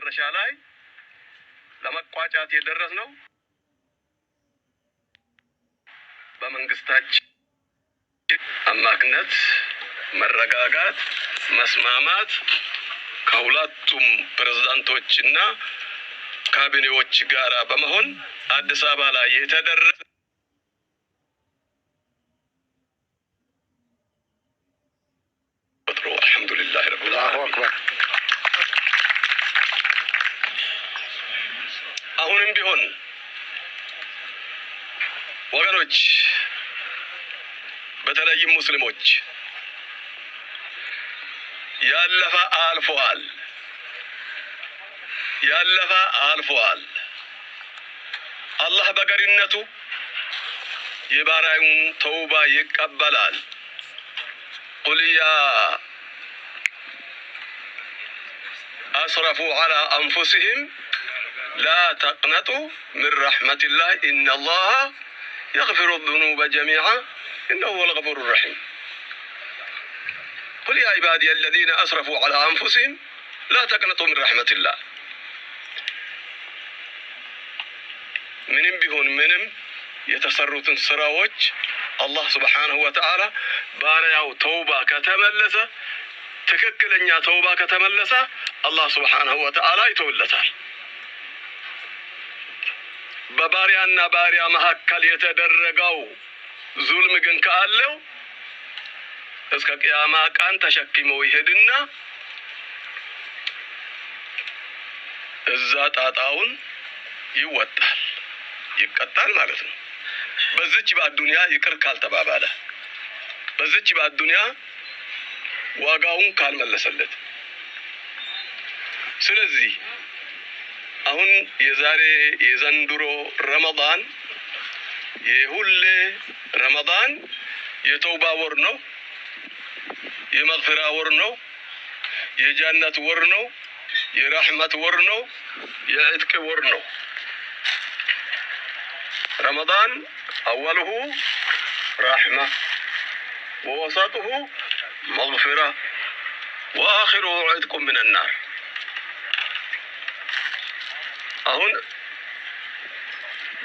መጨረሻ ላይ ለመቋጫት የደረስ ነው በመንግስታችን አማክነት መረጋጋት፣ መስማማት ከሁለቱም ፕሬዝዳንቶች እና ካቢኔዎች ጋር በመሆን አዲስ አበባ ላይ የተደረሰ አልሐምዱሊላህ ረብል ክርስቲያኖች በተለይም ሙስሊሞች ያለፈ አልፏል። ያለፈ አልፏል። አላህ በገሪነቱ የባራዩን ተውባ ይቀበላል። ቁል ያ አስረፉ ዐላ አንፉሲሂም ላ ተቅነጡ ምን ረሕመቲላህ ኢነላህ يغفر الذنوب جميعا انه هو الغفور الرحيم قل يا عبادي الذين اسرفوا على انفسهم لا تقنطوا من رحمه الله منهم بهون منهم يتصرفون سراوج الله سبحانه وتعالى يا توبة كتملسة تككلن يا توبة كتملسة الله سبحانه وتعالى يتولتها በባሪያና ባሪያ መካከል የተደረገው ዙልም ግን ካለው እስከ ቅያማ ቀን ተሸክሞ ይሄድና እዛ ጣጣውን ይወጣል፣ ይቀጣል ማለት ነው። በዚች በአዱንያ ይቅር ካልተባባለ፣ በዚች በአዱንያ ዋጋውን ካልመለሰለት ስለዚህ አሁን የዛሬ የዘንድሮ ረመዳን የሁሌ ረመዳን የተውባ ወር ነው፣ የመግፍራ ወር ነው፣ የጃነት ወር ነው፣ የራህመት ወር ነው፣ የዕጥቅ ወር ነው። ረመዳን አወልሁ ራህማ ወወሰጥሁ መግፍራ ወአኺሩሁ ዕጥቁ ምን ናር አሁን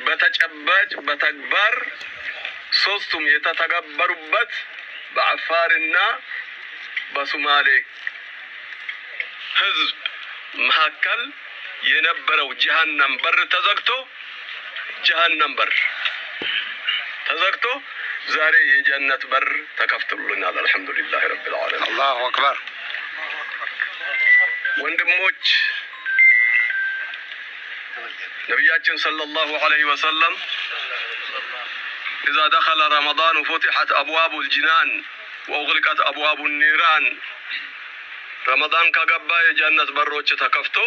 በተጨባጭ በተግባር ሶስቱም የተተገበሩበት በአፋርና በሶማሌ ህዝብ መካከል የነበረው ጀሃነም በር ተዘግቶ ጀሃነም በር ተዘግቶ ዛሬ የጀነት በር ተከፍቶልናል። አልሐምዱሊላህ ረብል ዓለሚን። አላሁ አክበር ወንድሞች ነቢያችን ሰለላሁ ዐለይሂ ወሰለም ኢዛ ደኸለ ረመዳን ፉትሐት አብዋቡል ጅናን ወኡግሊቀት አብዋቡ ኒራን ረመዳን ከገባ የጀነት በሮች ተከፍቶ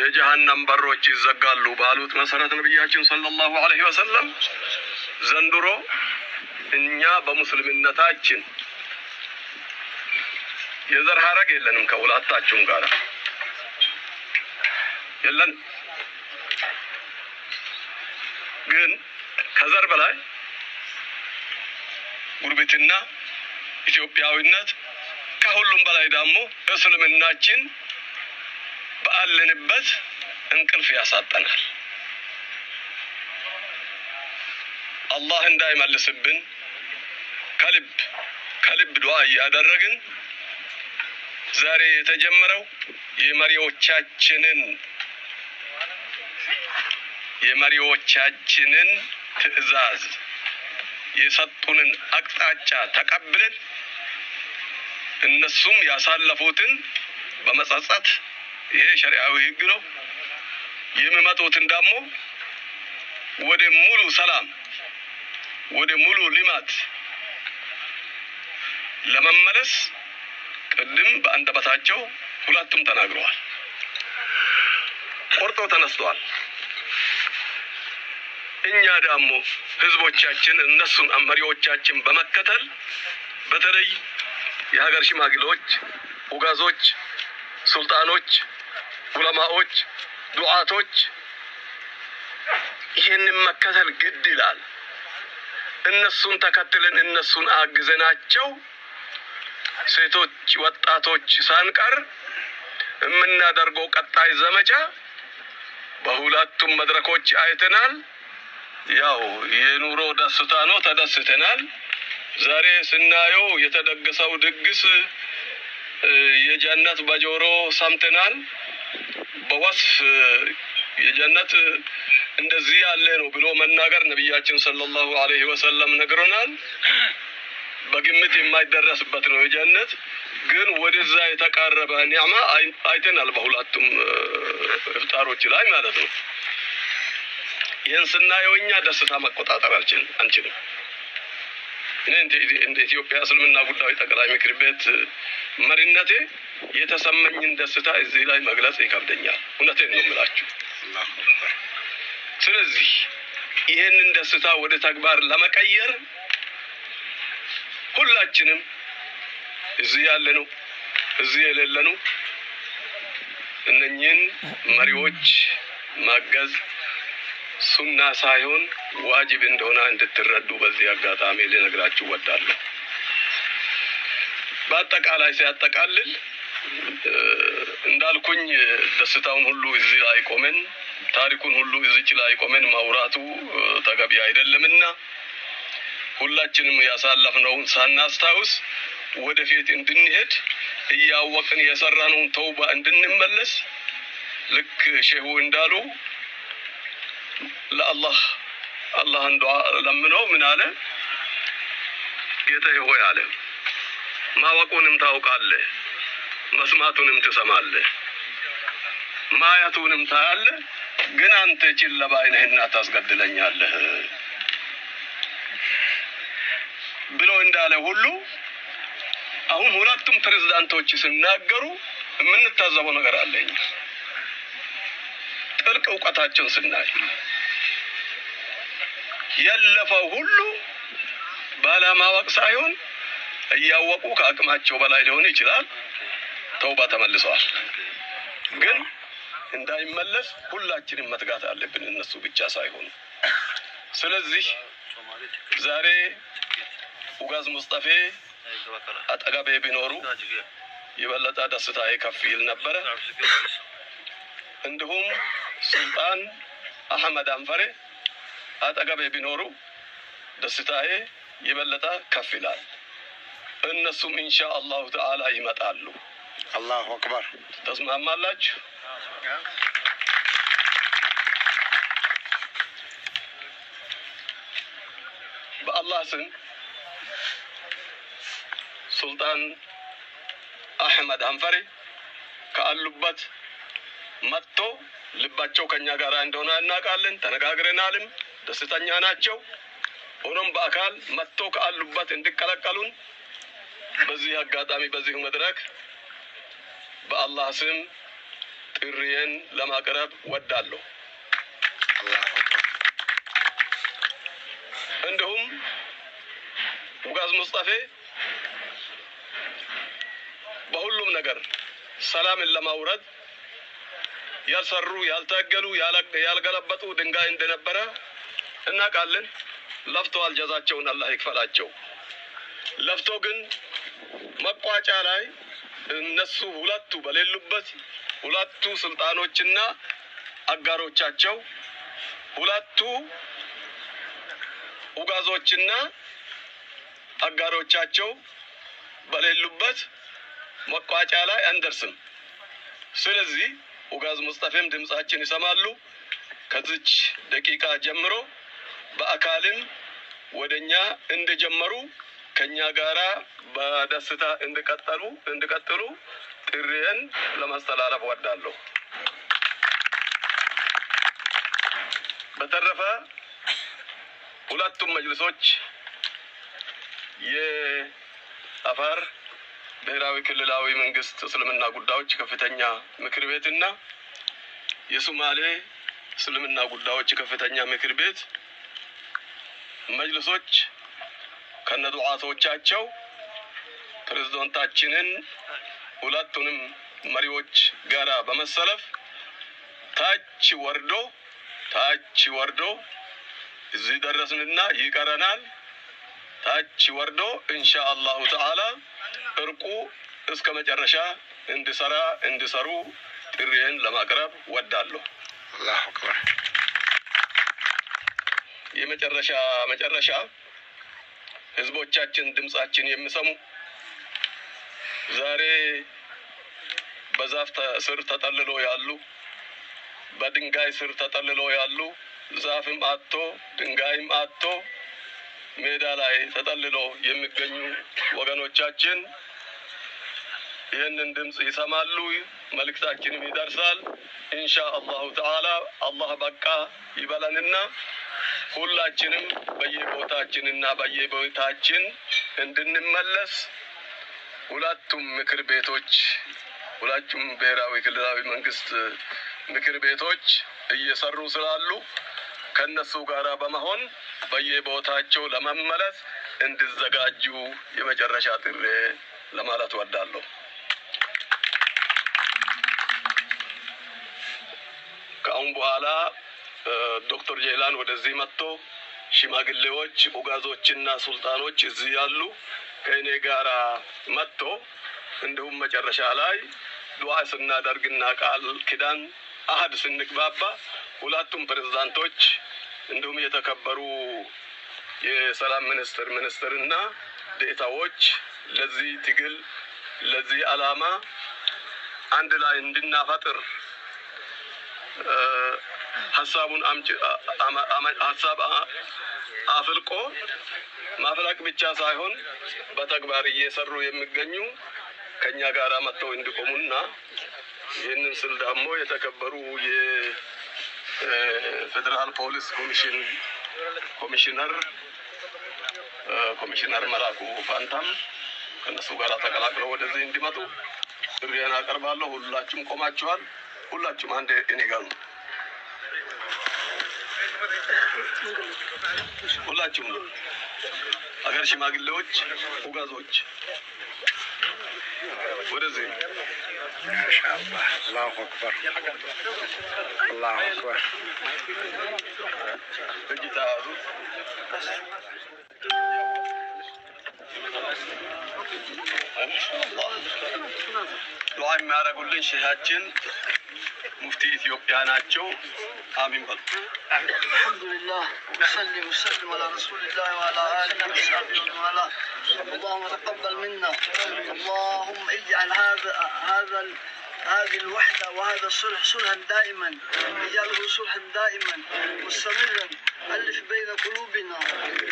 የጀሃነም በሮች ይዘጋሉ ባሉት መሰረት ነቢያችን ሰለላሁ ዐለይሂ ወሰለም ዘንድሮ እኛ በሙስሊምነታችን የዘር ሀረግ የለንም ከሁላታችሁም ጋር የለን። ግን ከዘር በላይ ጉርብትና፣ ኢትዮጵያዊነት ከሁሉም በላይ ደግሞ እስልምናችን በአለንበት እንቅልፍ ያሳጠናል። አላህ እንዳይመልስብን ከልብ ከልብ ዱዓ እያደረግን ዛሬ የተጀመረው የመሪዎቻችንን የመሪዎቻችንን ትዕዛዝ የሰጡንን አቅጣጫ ተቀብለን እነሱም ያሳለፉትን በመጸጸት ይሄ ሸሪዓዊ ሕግ ነው የሚመጡትን ደግሞ ወደ ሙሉ ሰላም ወደ ሙሉ ልማት ለመመለስ ቅድም በአንደበታቸው ሁለቱም ተናግረዋል፣ ቆርጦ ተነስተዋል። እኛ ደግሞ ህዝቦቻችን እነሱን መሪዎቻችን በመከተል በተለይ የሀገር ሽማግሌዎች፣ ኡጋዞች፣ ሱልጣኖች፣ ጉለማዎች፣ ዱዓቶች ይህንን መከተል ግድ ይላል። እነሱን ተከትለን እነሱን አግዘናቸው ሴቶች፣ ወጣቶች ሳንቀር የምናደርገው ቀጣይ ዘመቻ በሁለቱም መድረኮች አይተናል። ያው የኑሮ ደስታ ነው፣ ተደስተናል። ዛሬ ስናየው የተደገሰው ድግስ የጀነት በጆሮ ሰምተናል። በወስፍ የጀነት እንደዚህ ያለ ነው ብሎ መናገር ነቢያችን ሰለላሁ ዐለይሂ ወሰለም ነግሮናል። በግምት የማይደረስበት ነው የጀነት ግን ወደዛ የተቃረበ ኒዕማ አይተናል በሁለቱም እፍጣሮች ላይ ማለት ነው። ይህን ስናየው እኛ ደስታ መቆጣጠር አልችልም አንችልም። እኔ እንደ ኢትዮጵያ እስልምና ጉዳዮች ጠቅላይ ምክር ቤት መሪነቴ የተሰመኝን ደስታ እዚህ ላይ መግለጽ ይከብደኛል። እውነቴን ነው የምላችሁ። ስለዚህ ይህንን ደስታ ወደ ተግባር ለመቀየር ሁላችንም እዚህ ነው እዚህ ነው እነኚህን መሪዎች ማገዝ ሱና ሳይሆን ዋጅብ እንደሆነ እንድትረዱ በዚህ አጋጣሚ ልነግራችሁ ወዳለሁ። በአጠቃላይ ሲያጠቃልል እንዳልኩኝ ደስታውን ሁሉ እዚህ ላይ ቆመን ታሪኩን ሁሉ እዚች ላይ ቆመን ማውራቱ ተገቢ አይደለምና ሁላችንም ያሳለፍነውን ሳናስታውስ ወደፊት እንድንሄድ እያወቅን የሰራነውን ተውባ እንድንመለስ ልክ ሼሁ እንዳሉ ለአላህ አላህን ዱዓ ለምነው ምን አለ? ጌታዬ ሆይ አለ ማወቁንም ታውቃለህ፣ መስማቱንም ትሰማለህ፣ ማየቱንም ታያለህ። ግን አንተ ችላ ባይ ታስገድለኛለህ ብሎ እንዳለ ሁሉ አሁን ሁለቱም ፕሬዝዳንቶች ሲናገሩ የምንታዘበው ነገር አለኝ ጥልቅ እውቀታቸውን ስናይ የለፈው ሁሉ ባለማወቅ ሳይሆን እያወቁ ከአቅማቸው በላይ ሊሆን ይችላል። ተውባ ተመልሰዋል። ግን እንዳይመለስ ሁላችንም መትጋት አለብን፣ እነሱ ብቻ ሳይሆኑ። ስለዚህ ዛሬ ኡጋዝ ሙስጠፌ አጠገቤ ቢኖሩ የበለጠ ደስታዬ ከፍ ይል ነበረ። እንዲሁም ሱልጣን አህመድ አንፈሬ አጠገቤ ቢኖሩ ደስታዬ የበለጠ ከፍ ይላል። እነሱም ኢንሻ አላሁ ተዓላ ይመጣሉ። አላሁ አክበር። ተስማማላችሁ? በአላህ ስም ሱልጣን አሕመድ አንፈሪ ከአሉበት መጥቶ ልባቸው ከኛ ጋር እንደሆነ እናውቃለን፣ ተነጋግረናልም። ደስተኛ ናቸው። ሆኖም በአካል መጥቶ ካሉበት እንዲቀላቀሉን በዚህ አጋጣሚ በዚህ መድረክ በአላህ ስም ጥሪዬን ለማቅረብ ወዳለሁ። እንዲሁም ሙጋዝ ሙስጠፌ በሁሉም ነገር ሰላምን ለማውረድ ያልሰሩ፣ ያልታገሉ፣ ያልገለበጡ ድንጋይ እንደነበረ እናውቃለን። ለፍቶ አልጀዛቸውን አላህ ይክፈላቸው። ለፍቶ ግን መቋጫ ላይ እነሱ ሁለቱ በሌሉበት ሁለቱ ስልጣኖችና አጋሮቻቸው ሁለቱ ኡጋዞችና አጋሮቻቸው በሌሉበት መቋጫ ላይ አንደርስም። ስለዚህ ኡጋዝ ሙስጠፌም ድምጻችን ይሰማሉ። ከዚች ደቂቃ ጀምሮ በአካልም ወደ እኛ እንደጀመሩ ከእኛ ጋራ በደስታ እንድቀጠሉ እንድቀጥሉ ጥሪዬን ለማስተላለፍ ወዳለሁ። በተረፈ ሁለቱም መጅልሶች የአፋር ብሔራዊ ክልላዊ መንግስት እስልምና ጉዳዮች ከፍተኛ ምክር ቤት እና የሱማሌ እስልምና ጉዳዮች ከፍተኛ ምክር ቤት መጅልሶች ከነዱዓቶቻቸው ፕሬዝዳንታችንን ሁለቱንም መሪዎች ጋራ በመሰለፍ ታች ወርዶ ታች ወርዶ እዚህ ደረስንና ይቀረናል። ታች ወርዶ እንሻ አላሁ ተዓላ እርቁ እስከ መጨረሻ እንዲሰራ እንዲሰሩ ጥሪዬን ለማቅረብ ወዳለሁ። አላሁ አክበር የመጨረሻ መጨረሻ ህዝቦቻችን ድምጻችን የሚሰሙ ዛሬ በዛፍ ስር ተጠልሎ ያሉ፣ በድንጋይ ስር ተጠልሎ ያሉ፣ ዛፍም አጥቶ ድንጋይም አጥቶ ሜዳ ላይ ተጠልሎ የሚገኙ ወገኖቻችን ይህንን ድምፅ ይሰማሉ፣ መልእክታችንም ይደርሳል። ኢንሻ አላሁ ተዓላ አላህ በቃ ይበለንና ሁላችንም በየቦታችን እና በየቦታችን እንድንመለስ ሁለቱም ምክር ቤቶች ሁላችሁም ብሔራዊ ክልላዊ መንግስት ምክር ቤቶች እየሰሩ ስላሉ ከነሱ ጋር በመሆን በየቦታቸው ለመመለስ እንዲዘጋጁ የመጨረሻ ጥሪ ለማለት ወዳለሁ። ከአሁን በኋላ ዶክተር ጄይላን ወደዚህ መጥቶ ሽማግሌዎች፣ ኡጋዞችና ሱልጣኖች እዚህ ያሉ ከእኔ ጋር መጥቶ እንዲሁም መጨረሻ ላይ ዱዓ ስናደርግና ቃል ኪዳን አህድ ስንግባባ ሁለቱም ፕሬዝዳንቶች እንዲሁም የተከበሩ የሰላም ሚኒስትር ሚኒስትርና ዴታዎች ለዚህ ትግል ለዚህ አላማ አንድ ላይ እንድናፈጥር ሀሳቡን ሀሳብ አፍልቆ ማፍላቅ ብቻ ሳይሆን በተግባር እየሰሩ የሚገኙ ከኛ ጋር መጥተው እንዲቆሙና ይህንን ስል ደግሞ የተከበሩ የፌዴራል ፖሊስ ኮሚሽን ኮሚሽነር ኮሚሽነር መላኩ ፋንታም ከነሱ ጋር ተቀላቅለው ወደዚህ እንዲመጡ ጥሪዬን አቀርባለሁ። ሁላችሁም ቆማችኋል። ሁላችሁም አንድ እኔ ጋር ነው። ሁላችሁም አገር ሽማግሌዎች፣ ውጋዞች ወደዚህ ማሻአላህ። አላሁ አክበር አላሁ አክበር። እጅ ተያዙ። ዱዓ የሚያደርጉልን ሼሃችን ሙፍቲ ኢትዮጵያ ናቸው። አሚን በሉ። አልሐምዱሊላህ ወሰሊ ወሰልም አላ ረሱሊላህ ወአላ አሊሂ ወሰሐቢሂ ወመላ اللهم تقبل منا اللهم اجعل هذا هذا هذه الوحدة وهذا الصلح صلحا دائما اجعله صلحا دائما مستمرا ألف بين قلوبنا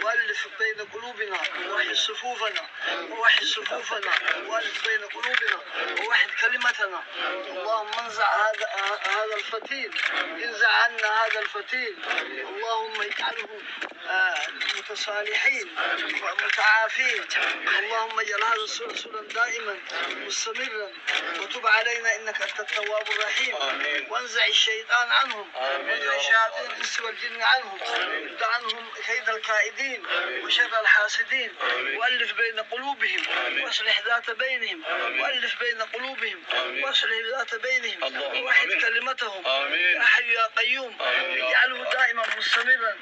وألف بين قلوبنا ووحد صفوفنا ووحد صفوفنا وألف بين قلوبنا ووحد كلمتنا اللهم انزع هذا هذا الفتيل انزع عنا هذا الفتيل اللهم اجعله آه، متصالحين ومتعافين اللهم اجعل هذا الصلح صلحا دائما مستمرا وتب علينا إنك أنت التواب الرحيم آمين. وانزع الشيطان عنهم وانزع شياطين الإنس والجن عنهم ارد عنهم كيد الكائدين وشر الحاسدين وألف بين قلوبهم واصلح ذات بينهم وألف بين قلوبهم واصلح ذات بينهم ووحد كلمتهم يا حي يا قيوم اجعله دائما مستمرا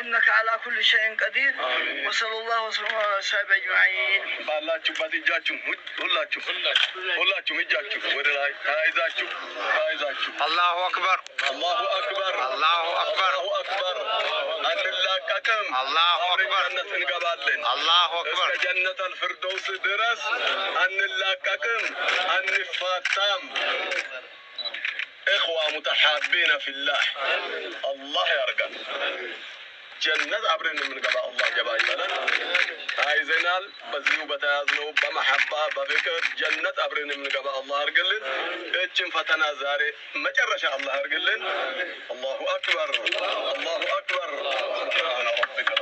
إنك على كل شيء قدير وصلى الله وسلم على سيدنا أجمعين. الله الله أكبر الله أكبر الله أكبر الله أكبر الله أكبر جنة الفردوس درس أن اللاككم أن الفاتم إخوة متحابين في الله الله يرقى ጀነት አብረን የምንገባ አላ ጀባ ይበለን። ተያይዘናል። በዚሁ በተያዝነው በመሐባ በፍቅር ጀነት አብረን የምንገባ አላ አድርግልን። እችን ፈተና ዛሬ መጨረሻ አላህ አድርግልን። አላሁ አክበር፣ አላሁ አክበር።